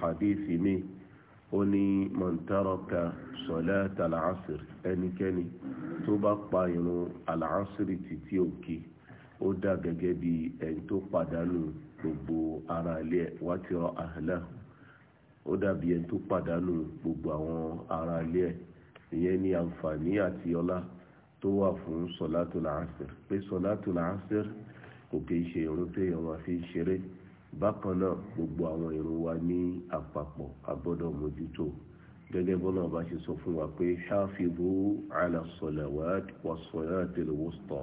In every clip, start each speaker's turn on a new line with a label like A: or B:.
A: hadithi mi ó ní mọ̀ntàrọ̀kà sọ̀lẹ́tà làásìrì ẹnikẹ́ni tó bá pa irun àlàásìrì títí òkè ó dà gẹ́gẹ́ bí ẹni tó pàdánù gbogbo ara ilé wátìrọ̀ àhàlà ó dàbí ẹni tó pàdánù gbogbo àwọn ara ilé ìyẹn ní àǹfààní àti ọlá tó wà fún sọ̀látò làásìrì pé sọ̀látò làásìrì kò kì í ṣe irun téèyàn máa fi ń ṣeré bákan náà gbogbo àwọn ìrun wa ní àpapọ̀ agbọ́dọ̀ mójútó gẹ́gẹ́ bọ́lá ọba ṣe sọ fún wa pé ṣáfìbù alásọ̀lẹ̀wàd wàsọ̀lẹ̀ àtẹlẹwọ́sọ̀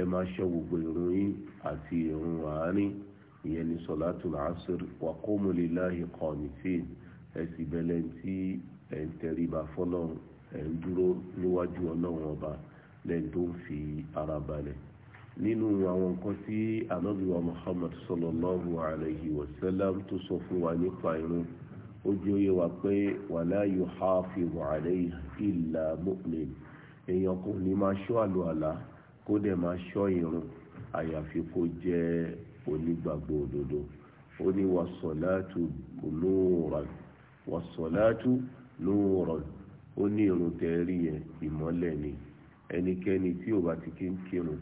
A: ẹ máa ṣọ́ gbogbo ìrun yín àti ìrun àárín ìyẹn ní sọ̀látù làásìrì wà kọ́mù líláhi qanitin ẹ sì bẹ̀lẹ̀ tí ẹ̀ ń tẹríba fọ́lọ́run ẹ̀ ń dúró níwájú ọlọ́run ọba lẹ́yìn tó ń fi ara balẹ̀ nínú àwọn nǹkan tí anabiwa muhammad sallallahu alayhi wa sallam tó sọ fún wa nípa irun ó jẹ́ òye wa pé wala yuhafizu alayhi illa mu'min èèyàn kò ní máa ṣọ́ àlùalá kó dẹ̀ máa ṣọ́ irun àyàfi kó jẹ́ onígbàgbọ́ òdodo ó ní wasọ̀látù nùúràn wasọ̀látù nùúràn ó ní irun tẹ́ẹ̀rí yẹn ìmọ́lẹ̀ ni ẹnikẹ́ni tí ò bá ti kí ń kírun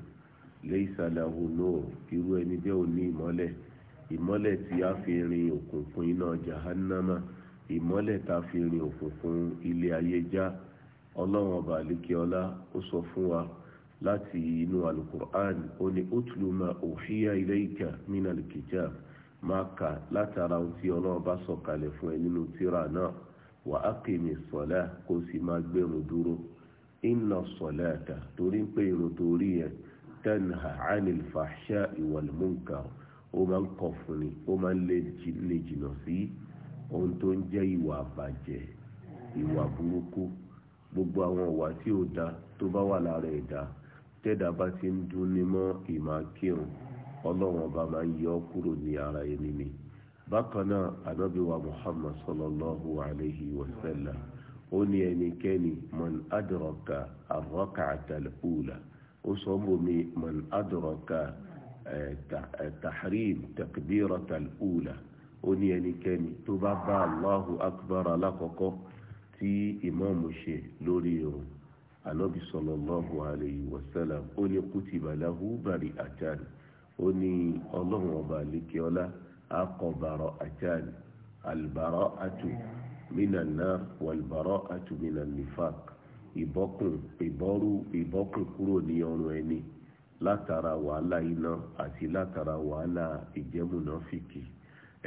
A: laysa lahu nur irú ẹni bẹ́ẹ̀ ò ní ìmọ́lẹ̀ ìmọ́lẹ̀ tí a fi rin òkùnkùn iná jahannama ìmọ́lẹ̀ tá a fi rin òkùnkùn ilé ayé já ọlọ́run ọba àlékeọlá ó sọ fún wa láti inú alukur'an ó ní utlu ma uhiya ilayka minal kitab máa kà látara ohun tí ọlọ́run bá oba fún ẹ nínú tírà náà wa aqimi sọ̀lá kó sì máa gbẹ̀rún dúró ẹ̀ka torí pé irun tẹ́nà ánìl fàṣà ìwàl munkar ó máa ń kọ̀ fún ni ó máa ń lè jìnnà sí ohun tó ń jẹ́ ìwà àbàjẹ́ ìwà burúkú gbogbo àwọn ìwà tí ò da tó bá wà lára ẹ̀dá tẹ́dá bá ti ń dún ní mọ́ ìmákírun ọlọ́run ọba máa ń yọ ọ́ kúrò ní ara ẹni ni bákan náà wa muhammad sallallahu alayhi wa sallam ó ní ẹnikẹ́ni man adraka arraka'atal ula ó sọ bò mí man adraka eh, eh, tahrim takbirata al-ula ó ní ẹnikẹ́ni tó bá bá allahu akbar alákọ̀ọ́kọ́ tí ìmáàmù ṣe lórí irun anabi sallallahu alayhi wa sallam ó ní kutiba lahu bari'atan ó ní ọlọ́run ọba àlékeọ́lá akọ̀bàrọ̀ àjàn albaraatu minan nar walbaraatu minan nifaq. ìbọ́kùn ìbọ́rú ìbọ́kùn kúrò ní ọrùn ẹni látara wàhálà iná àti látara wàhálà ìjẹ́múnáfìkì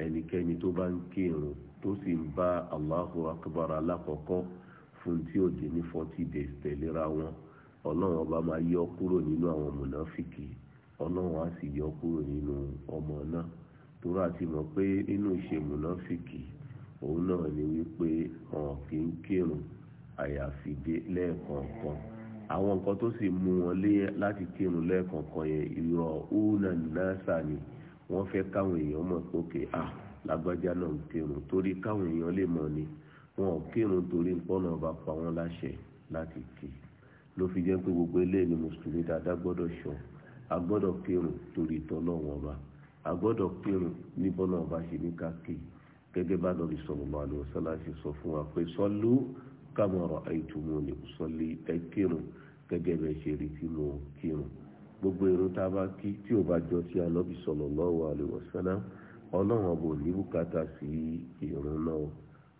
A: ẹnikẹ́ni tó bá ń kírun tó sì ń bá Allahu akbar alákọ̀ọ́kọ́ fún tí ó di ní forty days tẹ̀léra wọn ọlọ́run yọ kúrò nínú àwọn ọlọ́run á yọ kúrò nínú ọmọ náà mọ̀ pé nínú ìṣe òun náà ni wípé kì í àyàfi dé lẹ́ẹ̀kọ̀ọ̀kan àwọn nǹkan tó sì mú wọn lé láti kírun lẹ́ẹ̀kọ̀ọ̀kan yẹn irọ́ una nasa ni wọ́n fẹ́ káwọn èèyàn mọ̀ pókè à lágbájá náà ń kírun torí káwọn èèyàn lè mọ̀ ni wọn ò kírun torí pọ́nà ọba pa wọ́n láṣẹ láti kí ló fi jẹ́ pé gbogbo eléyìí ni mùsùlùmí dáadáa gbọ́dọ̀ ṣọ́ a gbọ́dọ̀ kírun torí tọ́lọ́wọ́n ọba a gbọ́dọ̀ kírun ní ọba ṣe ní ká gẹ́gẹ́ bá lọ́ọ́ kama ra'aytumuni usalli ẹ kírun gẹ́gẹ́ bẹ́ẹ̀ ṣe rí tí mo kírun gbogbo irun tá a bá kí tí ò bá jọ sí alọ́bí sallallahu alaihi wasallam ọlọ́run ọba ò ní bùkátà sí irun náà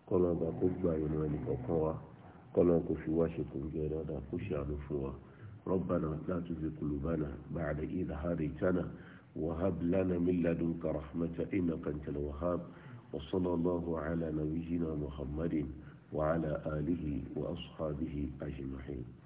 A: kọ́lọ́n ọba kó gba irun ẹnì kọ̀ọ̀kan wa kọ́lọ́n kò fi wá ṣe kòǹgẹ́ dáadáa kó ṣàánú fún wa rabbana la tuzigh qulubana ba'da idh hadaytana wa hab lana min ladunka rahmatan innaka antal wahhab wa sallallahu ala nabiyyina muhammadin. وعلى آله وأصحابه أجمعين